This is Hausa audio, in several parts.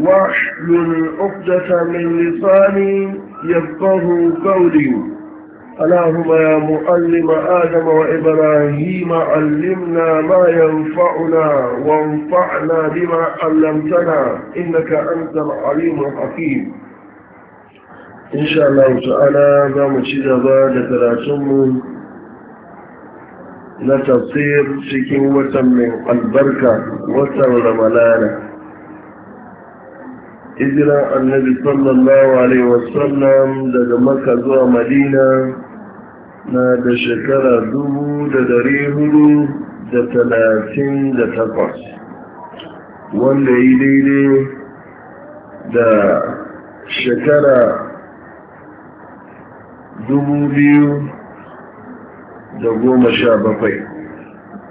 واحلل عقدة من لساني يفقه قولي اللهم يا معلم آدم وإبراهيم علمنا ما ينفعنا وانفعنا بما علمتنا إنك أنت العليم الحكيم إن شاء الله تعالى نعم شجبا لتراسم لتصير كوة من البركة وتولى رمضان hijira annabi sallallahu alaihi wasallam daga maka zuwa madina na da shekara dubu da dari hudu da talatin da takwas wanda yi daidai da shekara dubu biyu da goma sha bakwai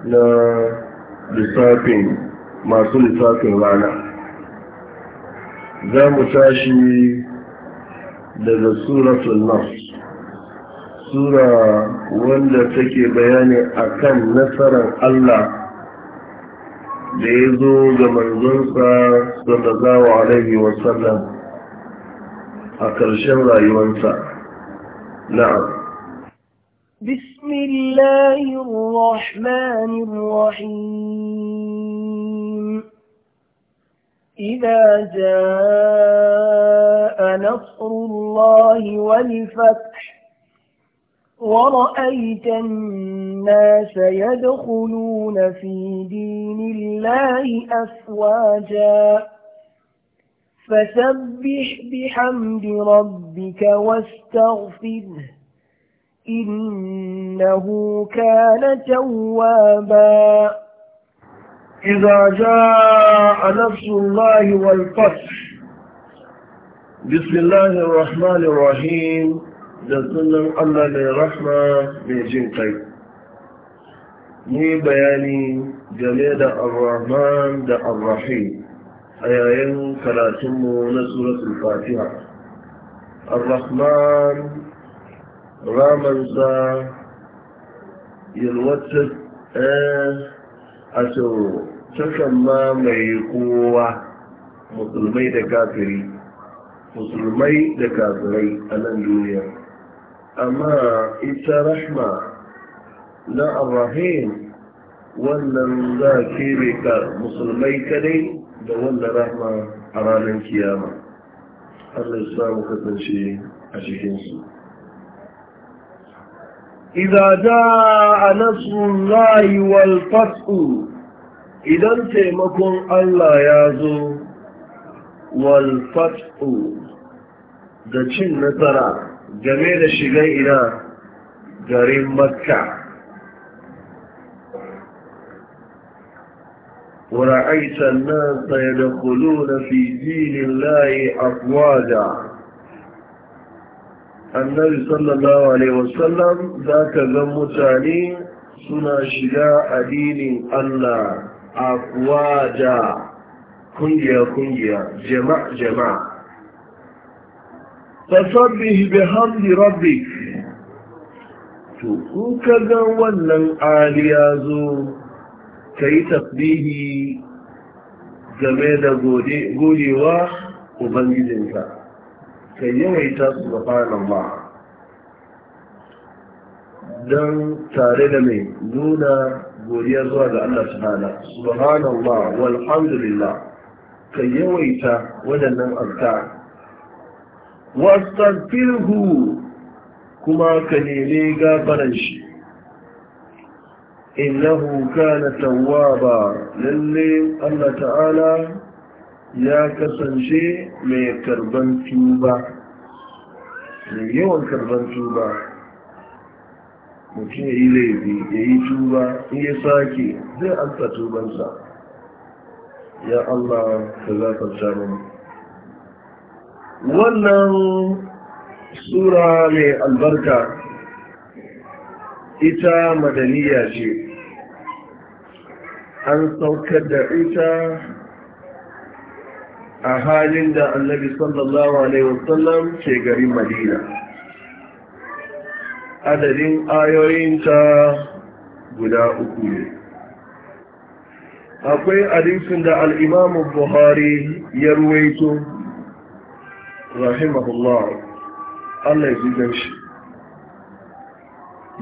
na masu lissafin rana za mu tashi daga suratul nas sura wanda take bayani akan nasarar Allah da ya zo ga manzonsa wa alaihi wasallam a ƙarshen rayuwarsa na'am بسم الله الرحمن الرحيم إذا جاء نصر الله والفتح ورأيت الناس يدخلون في دين الله أفواجا فسبح بحمد ربك واستغفره إنه كان توابا إذا جاء نفس الله والفتح بسم الله الرحمن الرحيم جزنا الله الرحمة من جنكي ني بياني جميل الرحمن دا الرحيم أن فلا تموا نسورة الفاتحة الرحمن رامنزا يلوتت أه aso sukan mamaye kowa musulmai da kafiri musulmai da kafirai a nan duniya amma ita rahma na arrahim wannan za kebe ka musulmai kadai da wannan rahma a ranar kiyama allah ya samu kasance a cikinsu Iza za a nasun rayuwar idan taimakon Allah ya zo, walfat'u fasku da cin nasara game da shigan ina garin Makka. Wura aita nan sayada kulu na fi jinin layi afuwa annabi sallallahu alaihi wasallam za ka ga mutane suna shiga addinin Allah a kuwa da kungiya-kungiya jama'a-jama'a fasabbih bihamdi rabbik to in ka ga wannan aliya zo ka yi tasbihi game da godewa ubangijinka ka yawaita su ga fanan ba don tare da mai nuna godiya zuwa ga Allah subhana subhanallah walhamdulillah ka yawaita waɗannan azkar wastaghfirhu kuma ka nemi gafaran shi innahu kana tawwaba lalle Allah ta'ala ya kasance mai karban tuba mai yawan karban tuba mutum ya yi laifi ya yi tuba ya sake zai alta tubansa ya Allah ka zafarta mini wannan sura mai albarka ita madaniya ce an saukar da ita a halin da annabi sallallahu alaihi wasallam ke garin madina adadin ayoyinta guda uku ne akwai hadisin da al'imamu buhari ya ruwaito rahimahullah allah ya zigar shi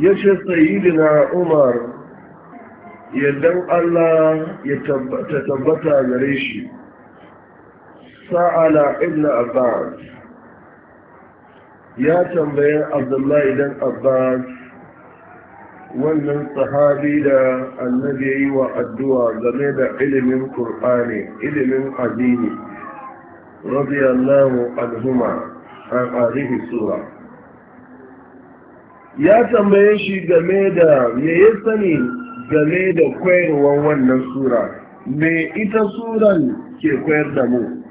ya ce sayidina umar yadda allah ya tabbata gare shi sa’ala ibn abbas ya تنبين عبد الله abbas wannan sahabi da annabi yi wa addu'a game da ilimin Kur'ani, ilimin addini radiyallahu alhuma an arihi sura ya tambaye shi game da me ya sani game da kwayarwan wannan sura me ita suran ke kwayar da mu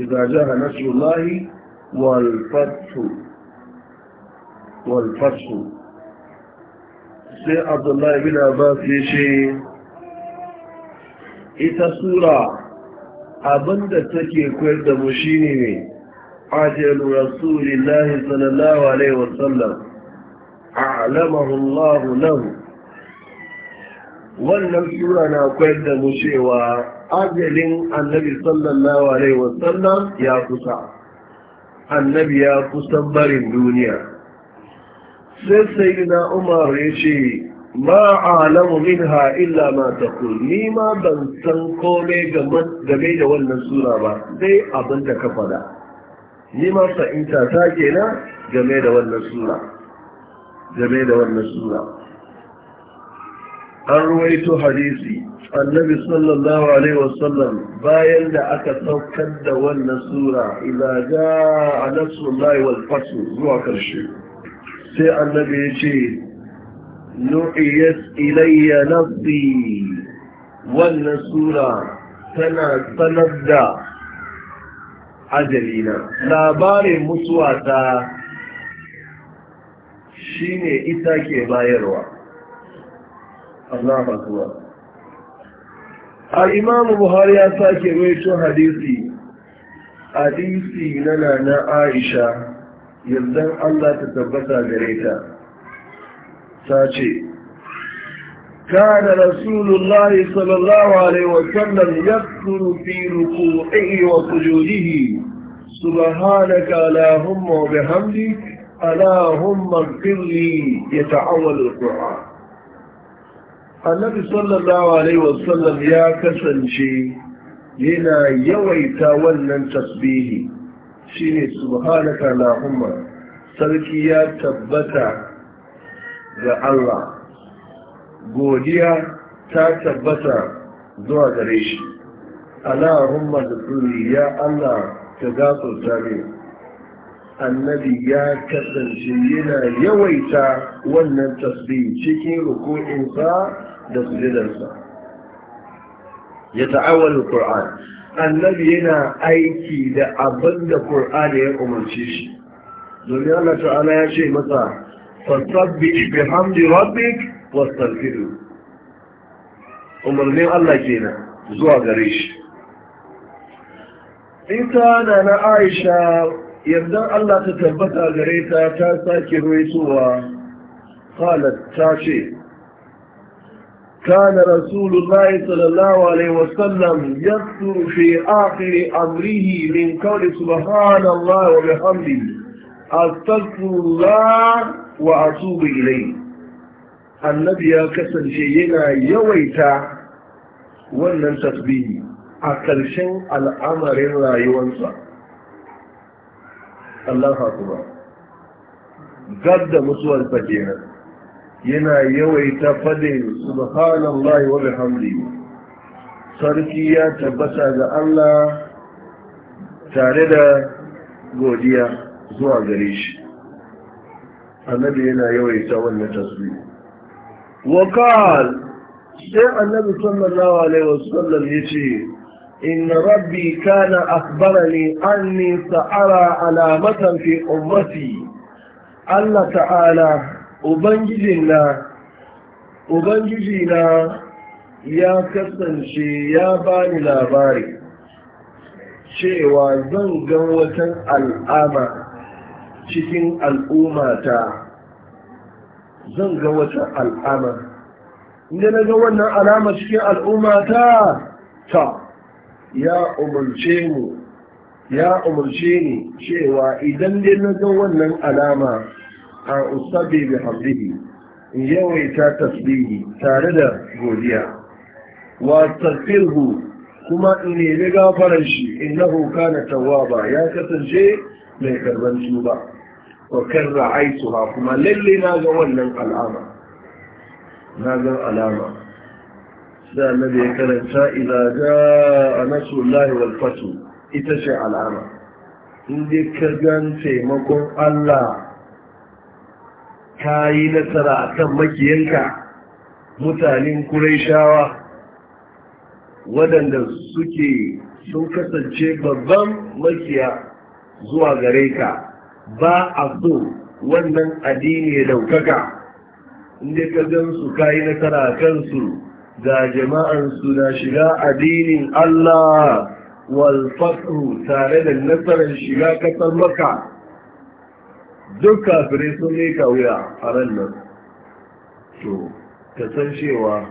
إذا جاء نصر الله والفتح والفتح سي عبد الله بن عباس يشي ita sura abinda take koyar da mu shine ne ajiyar rasulillahi sallallahu alaihi wasallam a'lamahu Allah wannan sura na koyar da mu cewa ajalin annabi sallallahu alaihi wasallam ya kusa annabi ya kusan barin duniya sai sai na umar ya ce ma alamu minha illa ma ta ni ma ban san komai game da wannan sura ba sai abin da ka fada ni ma fahimta ta kenan game da wannan sura game da wannan sura an ruwaito hadisi annabi sallallahu alaihi wasallam bayan da aka saukar da wannan sura ila ga a nasullahi wal fasu zuwa karshe sai annabi ya ce nu'iyat ilayya nafsi wannan sura tana sanar da ajalina labarin mutuwa ta shine ita ke bayarwa A akbar al-imam buhari ya sake rawaito hadisi hadisi na nana aisha yardan Allah ta tabbata gare ta ta ce كان رسول الله صلى الله عليه وسلم يذكر في ركوعه وسجوده سبحانك اللهم وبحمدك اللهم اغفر لي يتعول القرآن annabi sallallahu alaihi wasallam ya kasance yana yawaita wannan tasbihi shine subhanaka allahumma sarki ya tabbata ga Allah godiya ta tabbata zuwa gare shi allahumma da ya Allah ta gafarta min annabi ya kasance yana yawaita wannan tasbihi cikin ruku'insa da sujudarsa ya ta'awal Kur'an. annabi yana aiki da abin da Qur'an ya umarci shi domin Allah ta'ala ya ce masa fasabbih hamdi rabbik wastaghfirhu umarnin Allah kenan zuwa gare shi ita na na Aisha yadda Allah ta tabbata gare ta ta sake ruwaitowa qalat ta ce كان رسول الله صلى الله عليه وسلم يذكر في آخر أمره من قول سبحان الله وبحمده أستغفر الله وأتوب إليه النبي كسن شيئنا يويتا wannan tasbihi a شيء الأمر لا ينسى الله أكبر da mutuwar الفجيرة yana yawaita fade subhanallahi wa bihamdihi sarki ya tabbata ga Allah tare da godiya zuwa gare shi annabi yana yawaita wannan tasbih wa qal sai annabi sallallahu alaihi wasallam yace inna rabbi kana akhbarani anni sa'ara alamatan fi ummati Allah ta'ala ubangiji na ya kasance ya bani labari cewa zan gan watan al'ama cikin al'ummata zan ga wata al'ama inda na ga wannan alama cikin ta ya umarce mu ya umarce ni cewa idan dai na ga wannan alama a usabi bi in yawaita tasbihi tare da godiya wa kuma in nemi gafaran shi innahu kana tawwaba ya kasance mai karban tuba wa karra aisuha kuma lalle na ga wannan al'ama na ga alama da annabi ya karanta idza jaa nasu wal fath ita ce al'ama in dai ka gan taimakon Allah ka yi nasara a kan makiyanka mutanen kuraishawa waɗanda suke sun kasance babban makiya zuwa gare ka ba a so wannan addini ya daukaka inda ka gan su ka yi nasara a kansu ga jama'ansu na shiga addinin Allah wal tare da nasarar shiga kasar maka duk kafirai sun yi wuya a ran nan to ka san cewa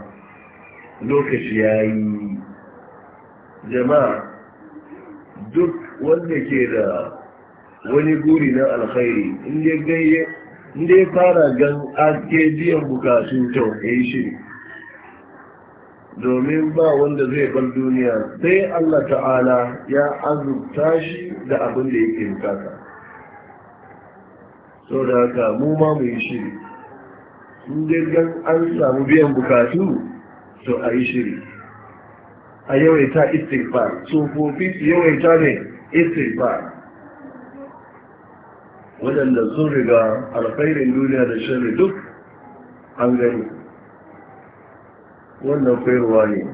lokaci ya yi jama'a duk wanda ke da wani guri na alkhairi inda ya fara gan ake biyan bukatun kyau ya yi shi domin ba wanda zai bar duniya sai Allah ta'ala ya azurta shi da abin da yake bukata sau da haka mu ma mu yi shiri sun jirgin an samu biyan bukatu to a yi shiri a yawaita istighfar tsofaffi su yawaita ne istighfar waɗanda sun riga alfairin duniya da shari duk an gani wannan koyarwa ne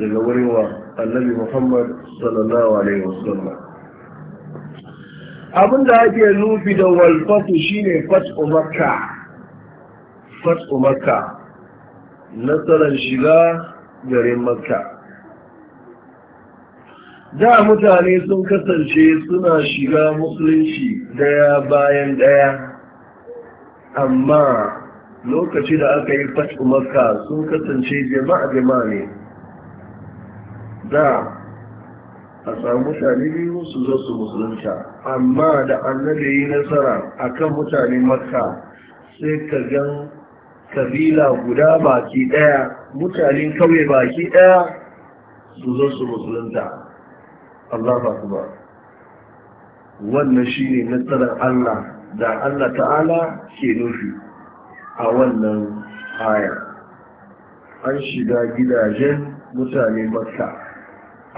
daga wurin wa annabi muhammad sallallahu alaihi wasallam abin da ake nufi da walfatu shine fat'u makka fat'u nasarar shiga garin makka da mutane sun kasance suna shiga musulunci daya bayan daya amma lokaci da aka yi fat'u makka sun kasance jama'a jama'a ne da a samu mutane biyu su zo su musulunta amma da annabi yi nasara a kan mutane makka sai ka gan kabila guda baki daya mutane kawai baki daya su zo su musulunta Allah ba wannan shi ne nasarar Allah da Allah ta'ala ke nufi a wannan haya, an shiga gidajen mutane makka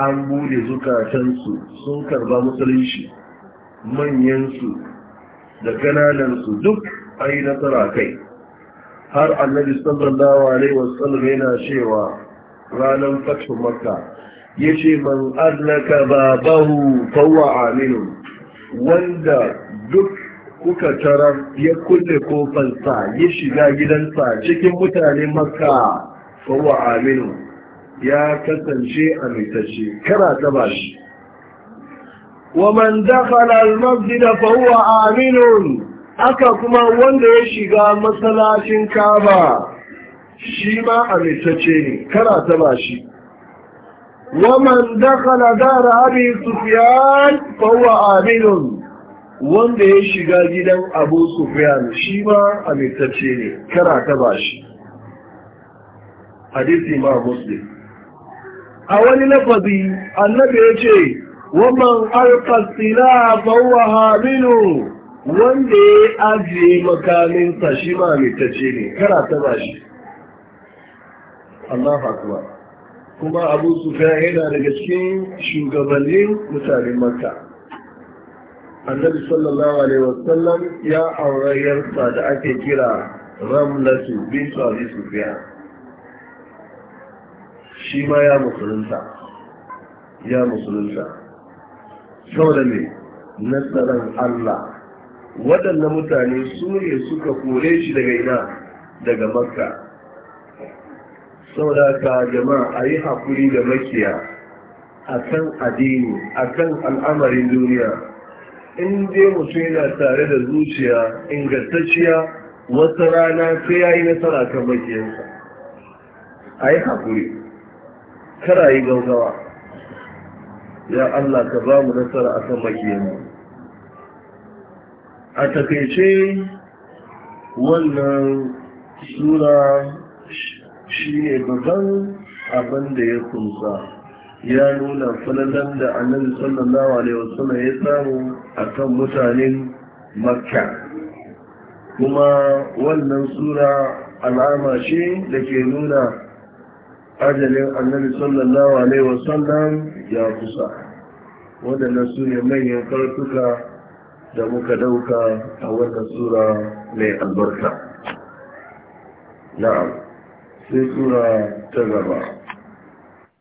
an bude zukatansu sun karba musulunci manyansu da ƙananansu duk a yi nasara kai har annabi sallallahu alaihi wasallam yana cewa ranar fatin makka ya ce man adnaka babahu fawwa aminu wanda duk kuka tarar ya kulle kofansa ya shiga gidansa cikin mutane makka fawwa aminu ya kasance a mitacce kara taba shi waman dakhala Masjid fa huwa aminun aka kuma wanda ya shiga masallacin kaba shi ma a mitacce ne kara taba shi waman dakhala dar abi sufyan fa huwa aminun wanda ya shiga gidan abu sufyan shi ma a mitacce ne kara taba shi hadisi ma muslim a wani lafazi annabi ya ce waman alfasila fawwa haminu wanda ya ajiye makaminsa shi ma ne kara ta ba shi Allah akbar kuma abu sufiya yana daga cikin shugabannin mutanen maka. annabi sallallahu alaihi wasallam ya aurayarsa da ake kira ramlatu bin abi sufiya shi ma ya musulunta ya musulunta saboda nasarar Allah waɗannan mutane su ne suka kore shi daga ina daga makka Sau da ka jama'a a yi haƙuri da makiya a kan addini a kan al'amarin duniya in dai mutum yana tare da zuciya ingantacciya wata rana sai ya yi nasara kan makiyansa. a yi haƙuri kara yi gaugawa ya Allah ka ba mu nasara a kan makiyanmu a takaice wannan sura shi ne babban abin da ya kunsa ya nuna falalan da annabi sallallahu alaihi wasallam ya samu akan mutanen makka kuma wannan sura alama ce da ke nuna أجل النبي صلى الله عليه وسلم يا قصة وده نسول يمين ينقلتك دمك دوك أول سورة من البركة نعم في سورة تغرى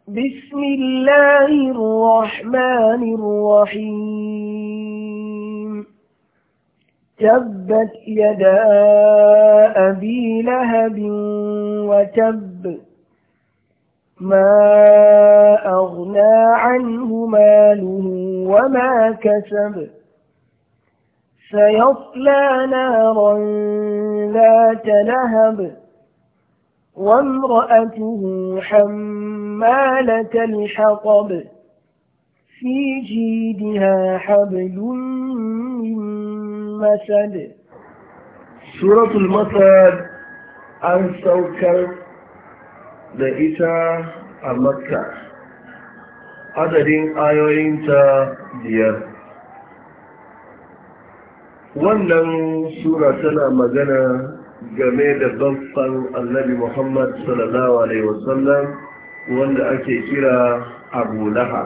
بسم الله الرحمن الرحيم تبت يدا أبي لهب وتب ما أغنى عنه ماله وما كسب سيصلى نارا ذات لهب وامرأته حمالة الحطب في جيدها حبل من مسد سورة المسد عن سوكرت da ita a makka adadin ta biyar wannan sura tana magana game da babban annabi muhammad sallallahu alaihi wasallam wanda ake kira abu laha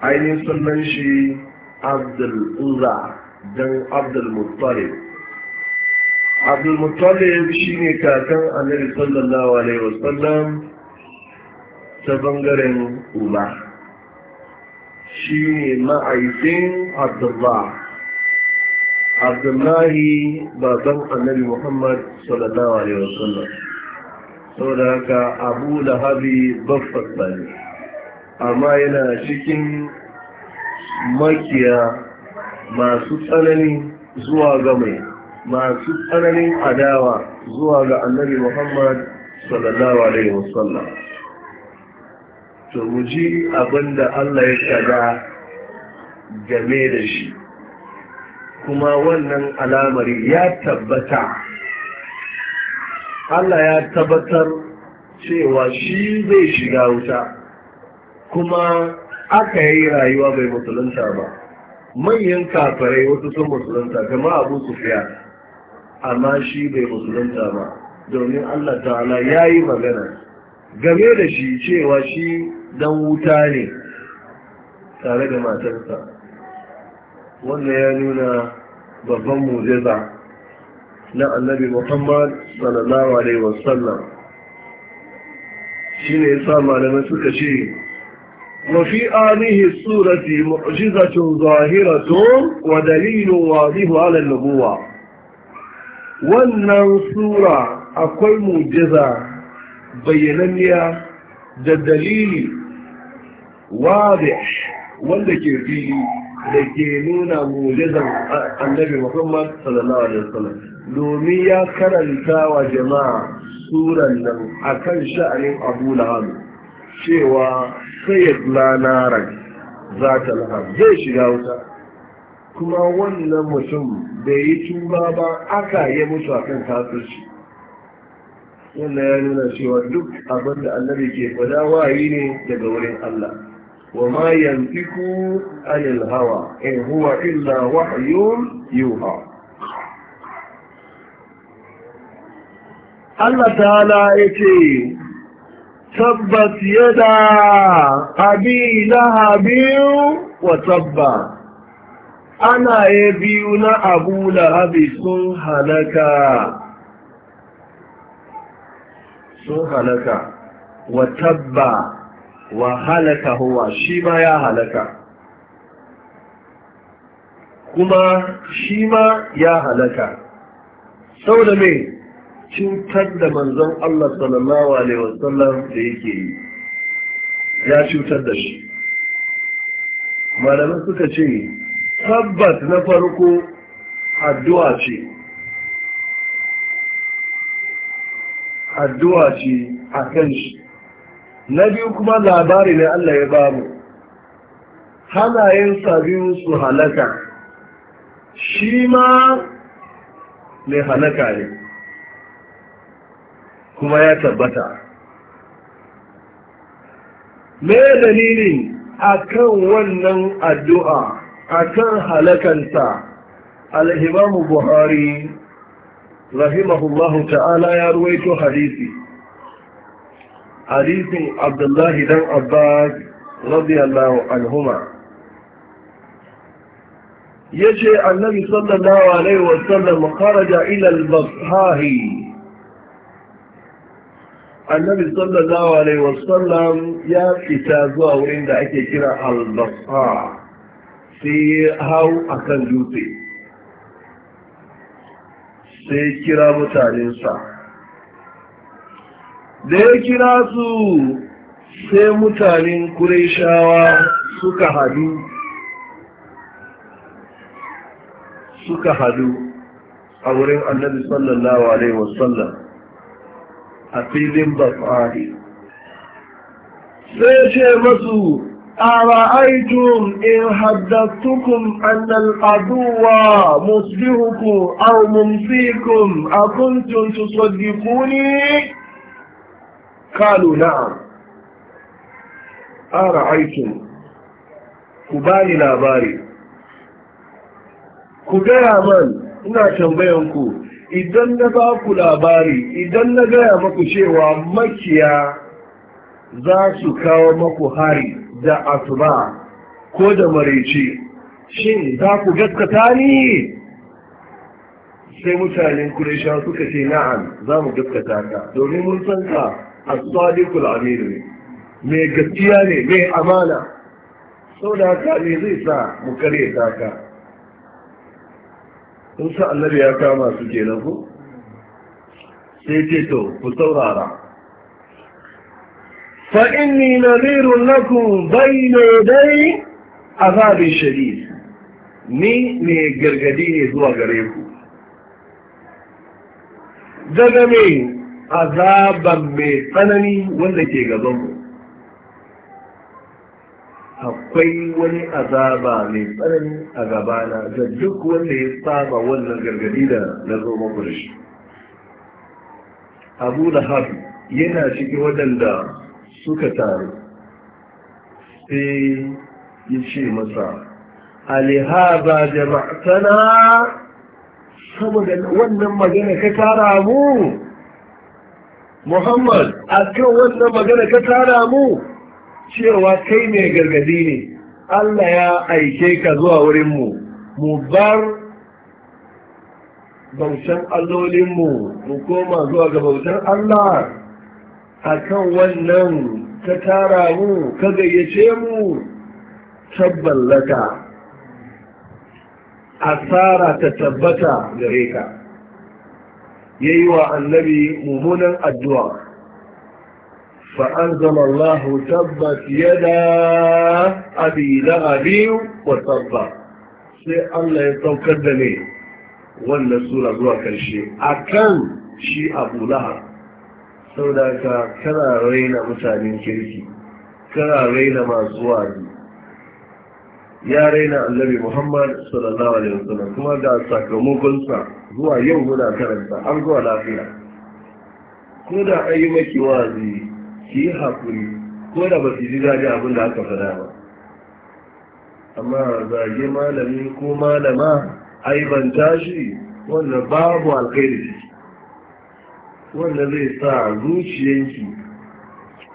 ainihin sunan shi abdul uza don abdul muttalib abdulmutallab shi ne kakan annabi sallallahu alaihi wasallam ta bangaren uba shi ne ma'aikin abdullah abdullahi baban annabi muhammad sallallahu alaihi wasallam da haka abu da habi baffasa ne amma yana cikin makiya masu tsanani zuwa ga mai masu tsananin adawa zuwa ga annabi muhammad sallallahu alaihi wasallam to mu ji abinda allah ya taga game da shi kuma wannan alamari ya tabbata allah ya tabbatar cewa shi zai shiga wuta kuma aka yi rayuwa bai musulunta ba manyan kafarai wasu sun musulunta kama abu fiya. amma shi bai musulunta ba domin Allah ta'ala ya yi magana game da shi cewa shi dan wuta ne tare da matarsa Wannan ya nuna babban mujiza na annabi muhammad sallallahu alaihi wasallam shi ne yasa malamai suka ce وفي آله الصورة معجزة ظاهرة ودليل واضح على النبوة wannan sura akwai mujiza bayyananniya da dalili wadish wanda ke fili da ke nuna mujizan annabi muhammad sallallahu alaihi wasallam domin ya karanta wa jama'a suran nan akan sha'anin abu lahab cewa sayyid lanaran za ta lahab zai shiga wuta kuma wannan mutum bai yi tuba ba aka yi mutu a kan kafirci wannan ya nuna cewa duk abin da annabi ke fada wayi ne daga wurin Allah wa ma yantiku anil hawa in huwa illa wahyun yuha Allah ta'ala yace tabbas yada abi lahabin wa tabba ana ya biyu na abu lahabi sun halaka sun halaka wa tabba wa halaka huwa shi ma ya halaka kuma shi ma ya halaka sau da mai cutar da manzon Allah sallallahu alaihi wasallam da yake yi ya cutar da shi malamai suka ce tabbat na farko addu'a ce addu'a ce a kan shi na biyu kuma labari ne Allah ya bamu halayensa sabin su halaka shi ma mai halaka ne kuma ya tabbata me dalilin akan wannan addu'a akan halakanta al'imamu buhari rahimahullahu ta'ala ya ruwaito hadisi hadisin abdullahi dan abbas radiyallahu anhuma ya ce annabi sallallahu alaihi wasallam kharaja ila al-bashahi annabi sallallahu alaihi wasallam ya fita zuwa wurin da ake kira al-bashahi sai ya hau a kan dutse sai kira mutanensa da ya kira su sai mutanen kureshawa suka hadu suka hadu a wurin annabi sallallahu alaihi wasallam a filin bafari sai ce masu أرأيتم إن حدثتكم أن العدو مصبحكم أو ممسيكم أكنتم تصدقوني قالوا نعم أرأيتم كباني لاباري كبير من إنا tambayan ku idan na ba ku labari idan na gaya maku cewa makiya za su kawo maku hari da asuba ko da maraice shin za ku gaskata ni sai mutanen kuresha suka ce na'an za mu gaskata ka domin mun san ka a sadiqul Aminu. ne mai gaskiya ne mai amana Sau da haka ne zai sa mu kare ta ka sun sa annabi ya kama su kenan ku? sai ce to ku saurara فإني نذير لكم بين يدي عذاب شديد ni ne gargadi ne zuwa gare ku daga mai mai tsanani wanda ke gabanmu akwai wani azaba mai tsanani a gabana da duk wanda ya saba wannan gargadi da na zo maku da shi abu da hafi yana ciki waɗanda suka taru sai ya ce masa alihaba jama'atana saboda wannan magana ka tara mu muhammad a kan wannan magana ka tara mu cewa kai mai gargadi ne allah ya aike ka zuwa wurinmu mu bar bautan allolinmu mu koma zuwa ga bautan allah Akan wannan ta tara mu ka gayyace mu tabbalaka asara ta tabbata gare ka ya yi wa annabi mummunan addu’a fa’an zama Allah tabbat yada abi da abi wa tabba sai Allah ya saukar da ne wannan sura zuwa karshe akan shi abulaha saboda ka kana raina mutanen kirki kana raina masu wani ya raina annabi muhammad sallallahu alaihi wasallam kuma ga sakamakonsa zuwa yau muna karanta an zuwa lafiya ko da an yi maki wazi ki yi haƙuri ko da ba su ji daji abin da aka faɗa ba amma zage malami ko malama aibanta shi wanda babu alkhairi wanda zai sa zuciyanki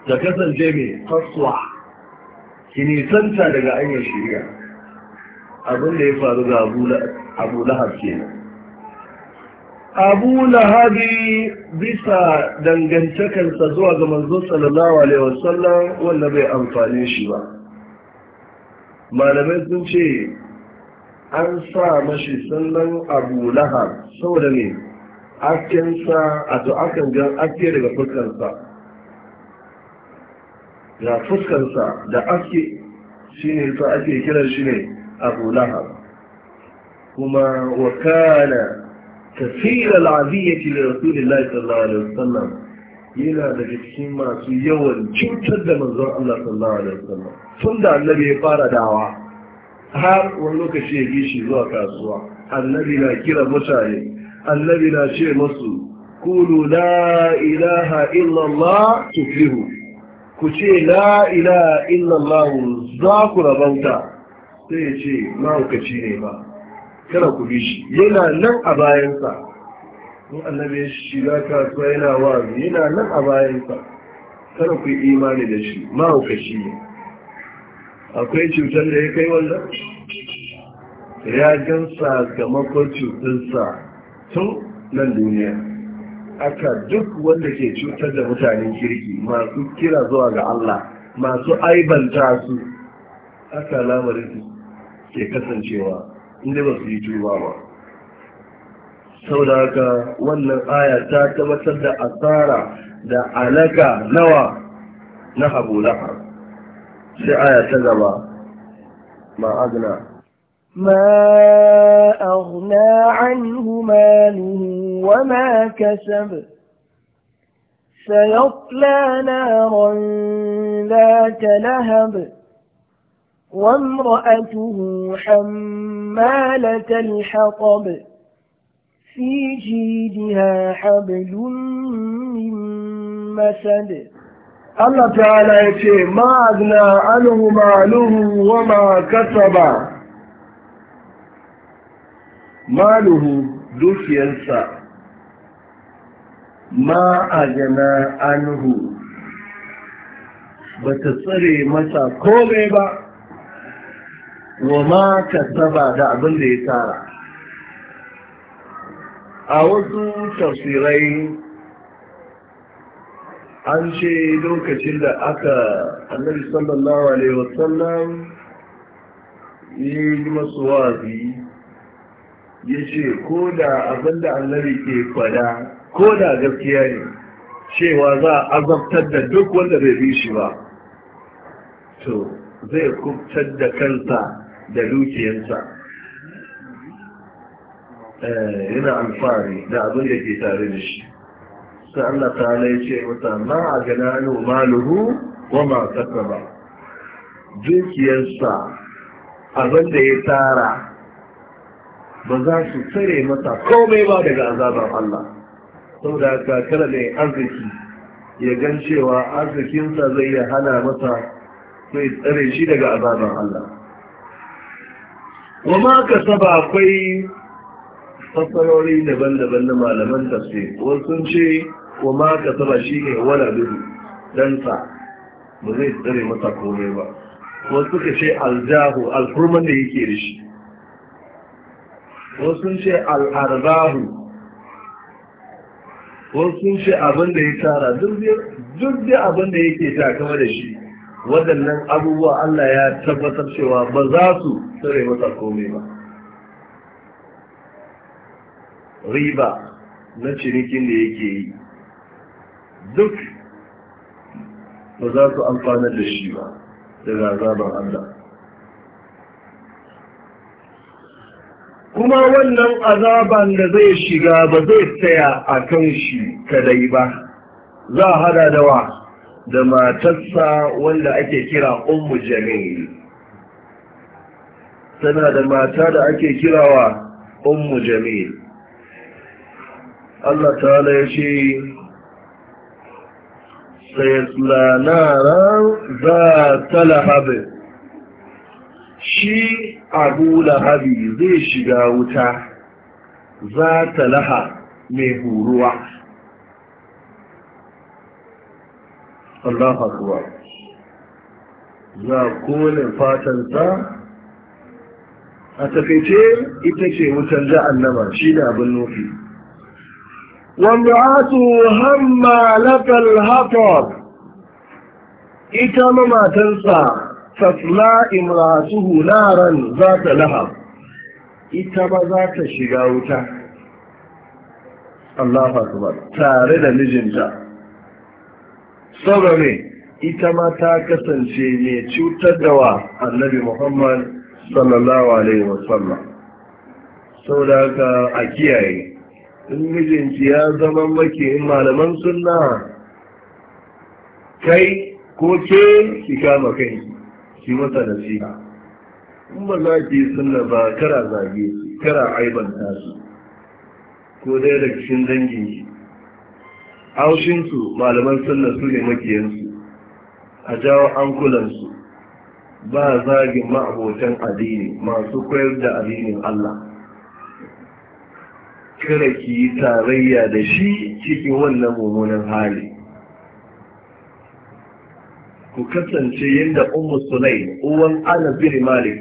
ta kasance mai kasuwa ki nisanta daga anyar shirya abin ya faru ga abu lahab kenan abu lahabi bisa dangantakarsa zuwa ga manzo sallallahu alaihi wasallam wanda bai amfani shi ba malamai sun ce an sa mashi sallan abu lahab saboda ne askensa a to akan jan aske daga fuskarsa da fuskarsa da aske shi ne ta ake kiran shi ne abu lahab kuma wakana tafiyar al'aziyyaki da rasulullahi sallallahu alaihi wasallam yana daga cikin masu yawan cutar da manzon Allah sallallahu alaihi wasallam tun da annabi ya fara dawa har wani lokaci ya gishi zuwa kasuwa annabi na kira mutane annabi na ce masu kulu la ilaha illallah tuflihu ku ce la ilaha illallah za ku rabauta sai ya ce mahaukaci ne ba kada ku bi shi yana nan a bayansa in annabi ya shiga kasuwa yana wazi yana nan a bayansa kada ku yi imani da shi mahaukaci ne akwai cutar da ya kai wannan ya gansa ga makon cutarsa tun nan duniya aka duk wanda ke cutar da mutanen kirki masu kira zuwa ga Allah masu aibanta su aka lamarin su ke kasancewa inda ba su yi tuba ba Sau saboda wannan aya ta tabbatar da asara da alaka nawa na abu lahar sai aya ta gaba ma'agna ما أغنى عنه ماله وما كسب سيطلى نارا ذات لهب وامرأته حمالة الحطب في جيدها حبل من مسد الله تعالى يقول ما أغنى عنه ماله وما كسب maluhu dukiyarsa ma a gana anuhu ba ta tsare masa kome ba wa ma ka saba da abin da ya tara a wasu tafsirai an ce lokacin da aka annabi sallallahu alaihi wasallam yi masu wazi ya ce ko da abin da annabi ke fada ko da gaskiya ne cewa za a azabtar da duk wanda bai bi shi ba to zai kubtar da kansa da dukiyarsa eh, yana alfahari da abin da ke tare da shi sai Allah ta ya ce mata ma a gananu maluhu wa ma ba dukiyarsa abin da ya tara ba za su tsare mata komai ba daga azabar Allah saboda kakar mai arziki ya gan cewa arzikinsa zai ya hana mata sai tsare shi daga azabar Allah wa ma ka saba akwai fasarori daban-daban na malaman tafsir wasu sun ce wa ma ka saba shi ne wala don sa ba zai tsare mata komai ba wasu suka ce aljahu alfurman da yake da shi wasu sun ce al'arbahu wasu sun ce abin da ya tara duk da abin da yake takama da shi waɗannan abubuwa Allah ya tabbatar cewa ba za su tsere masa komai ba riba na cinikin da yake yi duk ba za su amfana da shi ba daga azabar Allah kuma wannan azaban da zai shiga ba zai tsaya a kan shi kadai ba za a hada da wa da matarsa wanda ake kira ummu jami'i tana da mata da ake wa ummu jami'i Allah Ta ta'ala ya ce sai nara za ta lahabin shi abula habi zai shiga wuta za ta laha mai huruwa Allah haɗuwa za fatan fatansa a takaice ita ce wutan annaba shi da abin nufi wamra'atu hamma lafal hatar ita mamatansa tasla imratuhu naran za ta lahab ita ba za ta shiga wuta Allah akbar tare da mijinta saboda ita ma ta kasance mai cutar da wa annabi Muhammad sallallahu alaihi wasallam saboda ka a kiyaye in mijinki ya zama maki in malaman sunna kai ko ke ki kama kai ki masa nasiha in ba za ki sunna ba kara zage su kara aiban tasu. ko dai da cikin dangin ki su, malaman sunna su ne makiyansu a jawo ankulansu ba zagin ma'abotan addini masu koyar da addinin Allah kada ki yi tarayya da shi cikin wannan mummunan hali ku kasance yadda ummu sulai uwan ana bin malik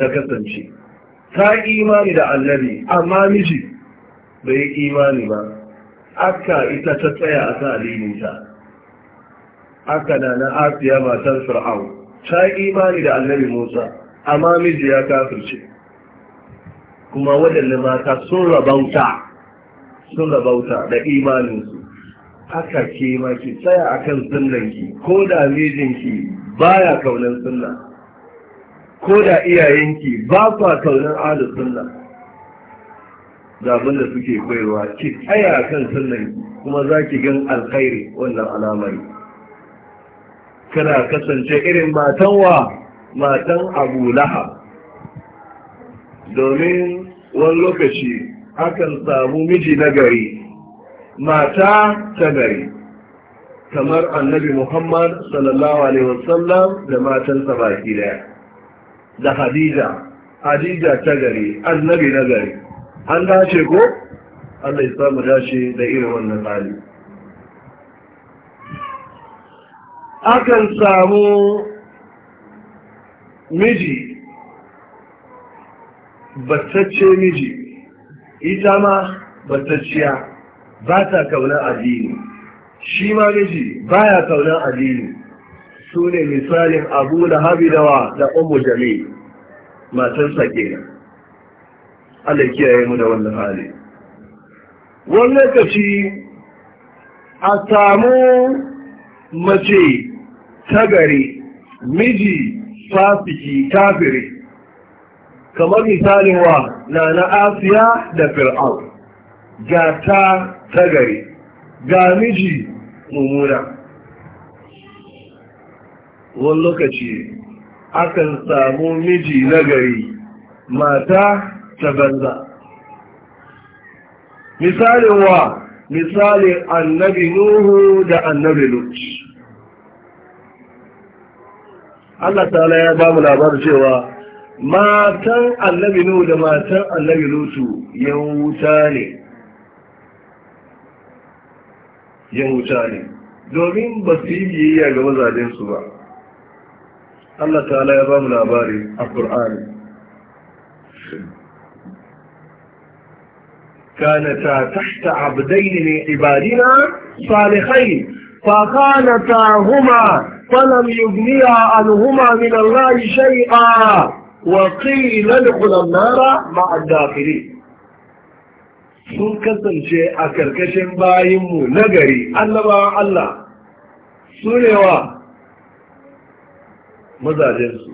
ta kasance ta imani da annabi amma miji bai yi imani ba aka ita ta tsaya a ta alininta, aka na na asiya matar fir'au ta imani da annabi musa amma miji ya kafirce kuma waɗanda mata sun rabauta sun rabauta da imaninsu haka ke ma ki tsaya a kan sunanki, ko da mijinki ya kaunan sunna ko da iyayenki ba kwa kaunan adu sunna da da suke koyarwa ki tsaya a kan sunanki kuma za ki gan alkhairi wannan alamari kana kasance irin matan wa matan abu laha domin wani lokaci akan samu miji nagari. mata ta gari kamar annabi muhammad sallallahu alaihi wasallam da matansa baki daya da hadija hadija ta gari annabi na gari an dace ko allah ya samu dace da irin wannan hali akan samu miji batacce miji ita ma batacciya ba ta kaunar addini shi ma miji ba ya kaunar addini su ne misalin abu da habidawa da umu jami matarsa sake Allah kiyaye mu da wannan hali wani lokaci a samu mace ta gari miji fasiki kafiri kamar misalin wa na na asiya da fir'aun ga ta ta gari ga miji mummuna wani lokaci akan samu miji na gari mata ta banza misalin wa misalin annabi nuhu da annabi luci Allah ta'ala ya ba mu labar cewa matan annabi nuhu da matan annabi lutu yan wuta ne ya wuta ne domin ba su yi biyayya ga mazajensu ba Allah ta'ala ya ba mu labari a ƙur'ani kanata tahta abdaini min ibadina salihai fa kanata huma falam yughniya anhuma min Allah shay'a wa qila lil qulama ma'a dakhirin sun kasance a karkashin bayinmu na gari annabawan Allah su ne wa mazajensu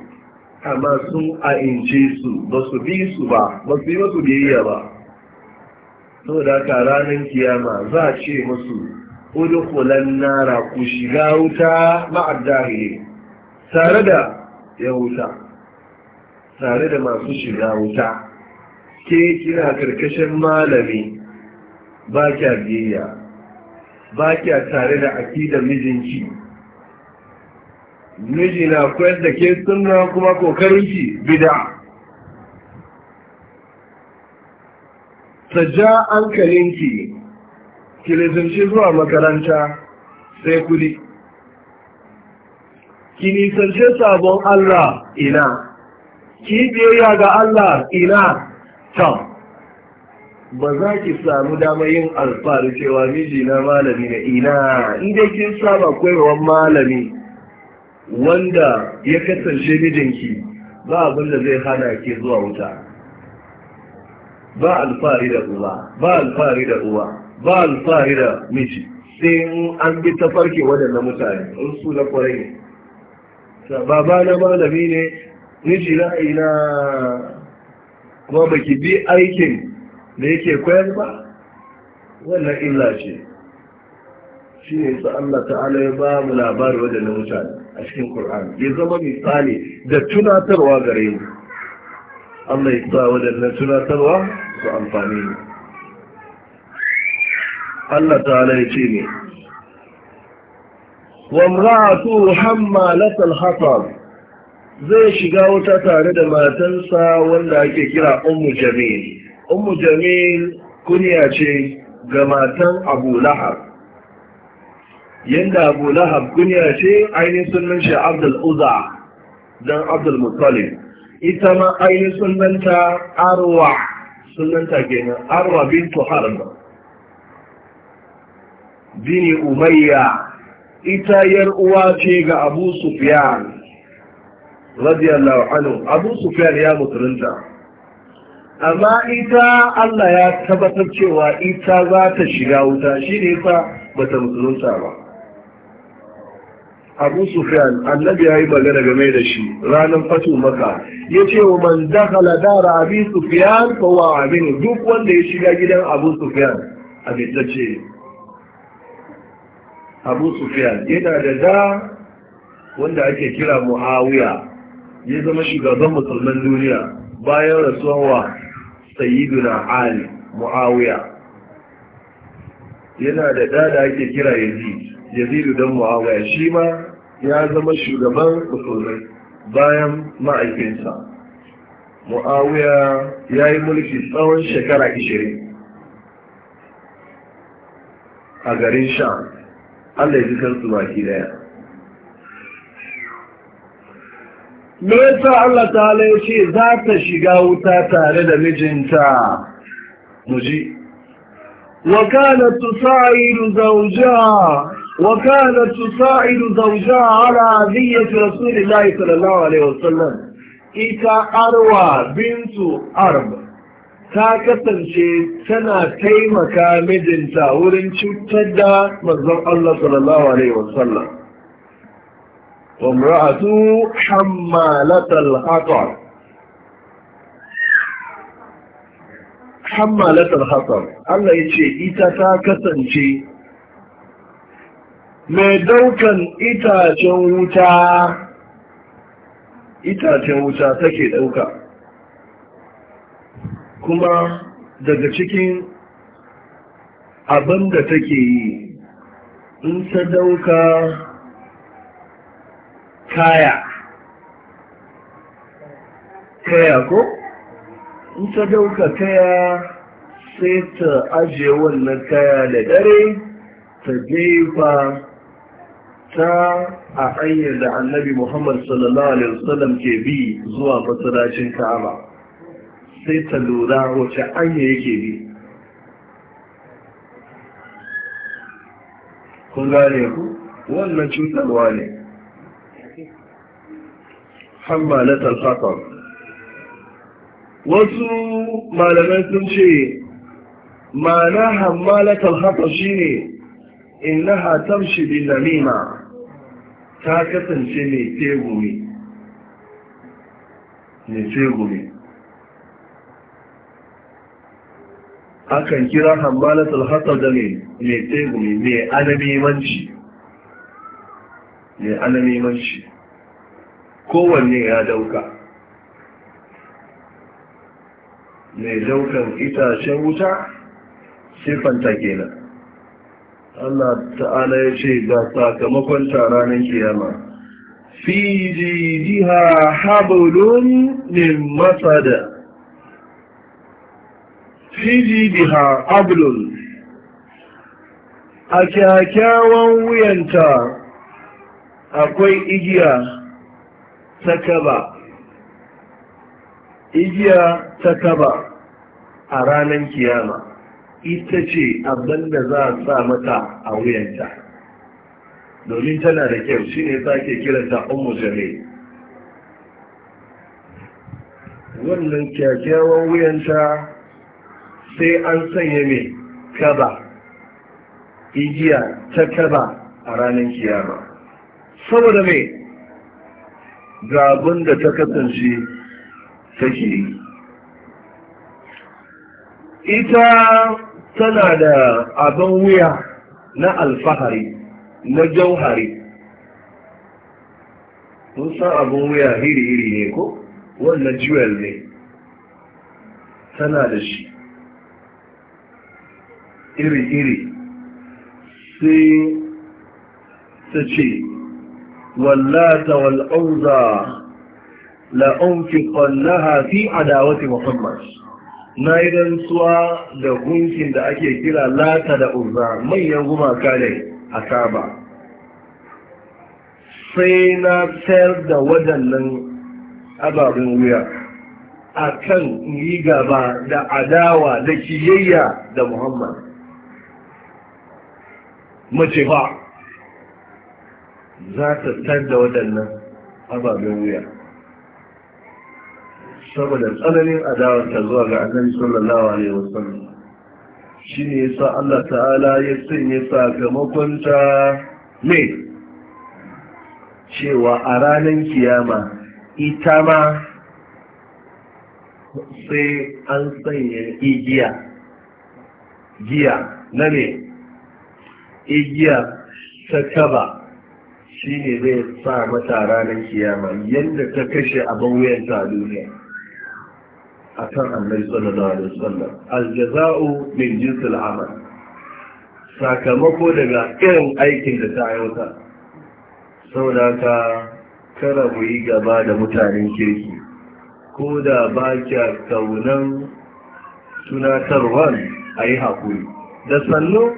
amma sun a'ince su ba su bi su ba ba su yi masu biyayya ba da haka ranar kiyama za a ce masu udukulan nara ku shiga wuta ma'addahiri tare da ya wuta tare da masu shiga wuta ke kina karkashin malami ba kya biyayya ba kya tare da akidar mijinci, miji na da ke suna kuma kokarinki bida ta ja hankalinki kilizinci zuwa makaranta sai kudi ki nisance sabon allah ina ki biyayya ga allah ina tam ba za ki samu damar yin alfaru cewa miji na malami na ina inda kin saba koyarwar malami wanda ya kasance mijinki ba abin da zai hana ke zuwa wuta ba alfari da uwa ba alfari da uwa ba alfari da miji sai an bi ta farke waɗanda mutane in su na kwarai ne na malami ne miji na ina kuma ba ki bi aikin da yake koyar ba wannan illa ce shi ne su Allah ta'ala ya ba mu labari wajen na mutane a cikin Kur'an ya zama misali da tunatarwa gare mu Allah ya sa wajen na tunatarwa su amfani ne Allah ta'ala ya ce ne wa mra'atu hammalatul hatab zai shiga wuta tare da matansa wanda ake kira ummu jamil ummu jamil kunya ce ga matan abu lahab yadda abu lahab kunya ce ainihin sunan shi abdul uza don abdul mutalib ita ma ainihin ta arwa ta kenan arwa bintu harba bini umayya ita yar uwa ce ga abu sufyan radiyallahu anhu abu sufyan ya musulunta amma ita Allah ya tabbatar cewa ita za ta shiga wuta shi ne fa bata musulunta ba abu sufyan annabi ya yi magana game da shi ranar fatu maka ya ce wa man dakhala dara abi sufyan fa wa duk wanda ya shiga gidan abu sufyan ce. abu sufyan yana da da wanda ake kira muawiya ya zama shugaban musulman duniya bayan rasuwan wa sayiduna ali muawiya yana da dada ake kira yazid yazidu dan muawiya shi ma ya zama shugaban musulmai bayan ma'aikinsa muawiya ya yi mulki tsawon shekara 20 a garin sha Allah ya ji baki daya me yasa Allah ta'ala ya ce za ta shiga wuta tare da mijinta muji wa kana tusa'idu zawjaha wa kana tusa'idu zawjaha ala adiyati rasulillahi sallallahu alaihi wasallam ita arwa bintu arb ta kasance tana taimaka mijinta wurin cutar da mazan Allah sallallahu alaihi wasallam وامرأته حمالة الحطب حمالة الحطب الله يجي إتا تاكسن شي mai daukan itacen wuta itacen wuta take ɗauka. kuma daga cikin abin da take yi in ta ɗauka. kaya kaya ko in ta dauka kaya sai ta ajiye wannan kaya da dare ta jefa ta a hanyar da annabi Muhammad sallallahu Alaihi wasallam ke bi zuwa masarashin kama, sai ta lura wace hanya yake bi kun gane ku wannan cutarwa ne hammalatar khatar wasu malamai sun ce ma'ana hammalatar khatar shine innaha tamshi bi namima ta kasance mai tegumi mai tegumi akan kira hammalatul khatar da mai tegumi mai anamimanci mai anamimanci kowanne ya dauka mai daukan itacen wuta siffanta kenan Allah ta'ala ya ce ga sakamakon ranar kiyama fi jijiha habulun min masada fi jijiha habulun a kyakkyawan wuyanta akwai igiya ta igiya ta kaba a ranar kiyama ita ce abin da za a sa mata a wuyanta domin tana da kyau shi ne za ke kiranta umu jami wannan kyakkyawan wuyanta sai an sanya mai kaba igiya ta kaba a ranar kiyama saboda mai ga abin da ta kasance take yi ita tana da abin wuya na alfahari na jauhari sun san abin wuya hiri-hiri ne ko wannan jewel ne tana da shi iri-iri sai ta ce واللات والأوزى لأنفقنها في عداوة محمد na yi rantsuwa da gunkin da ake kira lata da uzza manyan gumaka ne a kaba sai na sayar da waɗannan ababen wuya a kan yi gaba da adawa da kiyayya da muhammad mace ba za ta tar da waɗannan ababen wuya saboda tsananin adawarta zuwa ga annabi sallallahu alaihi wasallam shi ne yasa Allah ta'ala ya sanya sakamakon ta ne cewa a ranar kiyama ita ma sai an sanya igiya giya na ne igiya ta kaba shi ne zai sa mata ranar kiyama yadda ta kashe a wuyanta a duniya a kan annai sallallahu alaihi wasallam aljaza'u min jinsil amal sakamako daga irin aikin da ta aiwata saboda ka kara mu yi gaba da mutanen kirki ko da ba kya kaunan tunatarwar a yi haƙuri da sannu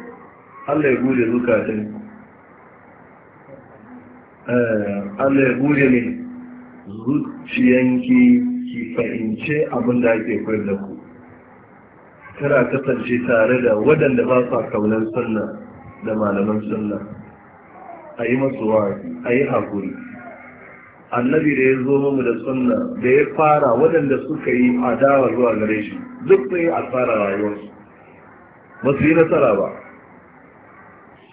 allah ya gode zukatanku Eh, Allah ya bude ne zuciyanki ki fahimce abin da ake koyar da ku tara kasance tare da waɗanda ba sa kaunar sunna da malaman sunna a yi wa, a yi haƙuri annabi da ya zo mu da sunna da ya fara waɗanda suka yi adawa zuwa gare shi duk sun a fara rayuwarsu ba su yi nasara ba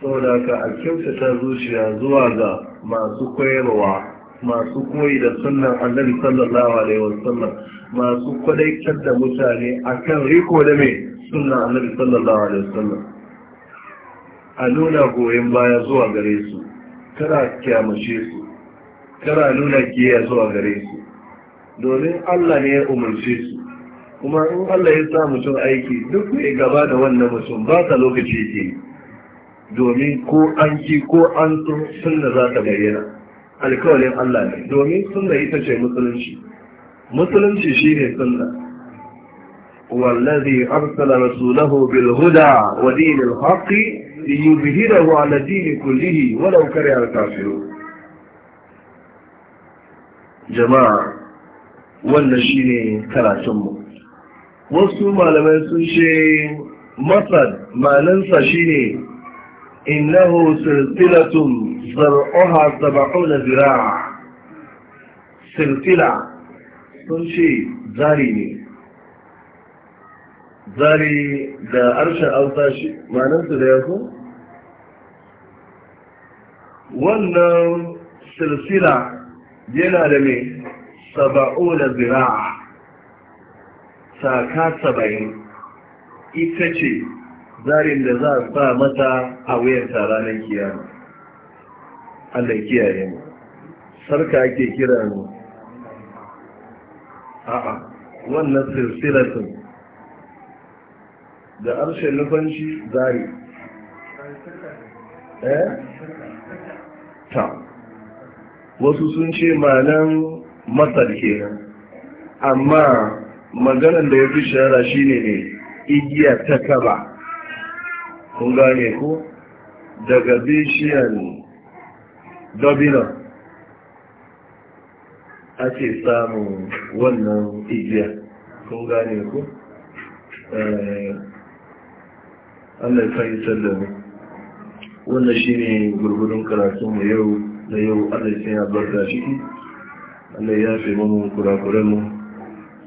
da ka a kyautata zuciya zuwa ga masu koyarwa masu koyi da sunan annabi sallallahu alaihi wasallam masu kwadaitar da mutane akan riko da mai sunan annabi sallallahu alaihi wasallam a nuna goyon baya zuwa gare su kada kyamace su kada nuna giya zuwa gare su domin Allah ne ya umarce su kuma in Allah ya sa mutum aiki duk mai gaba da wannan mutum ba ta lokaci ke domin ko an ji ko an sun sunna za ta bayyana alkawalin Allah ne domin sunna ita ce musulunci musulunci shi ne sunna wallazi arsala rasulahu bil huda wa dinil haqqi liyuzhirahu ala dini kullihi walau kariha al jama'a wannan shine mu. wasu malamai sun ce masad malansa shine إنه سلسلة ضرعها سبعون ذراع سلسلة تنشي زاري زاري دا أرشى أو تاشي ما ننسى ليكم wannan silsila yana da mai saba'o da zira'a saka saba'in zarin da za a sa mata a wuyarta ranar kiyama Allah kiyaye mu sarka ake kira mu a'a wannan silsilatun da arshen nufanci zari eh ta wasu sun ce malan masar kenan amma maganar da ya fi shara shine ne igiya ta kaba kun gane ku daga bishiyan dobina ake samun wannan igiya kun gane ku eh, Allah ya fahimtar da wannan shi ne gurgudun karatunmu yau da yau Allah ya sanya barka shi Allah ya fi kurakurenmu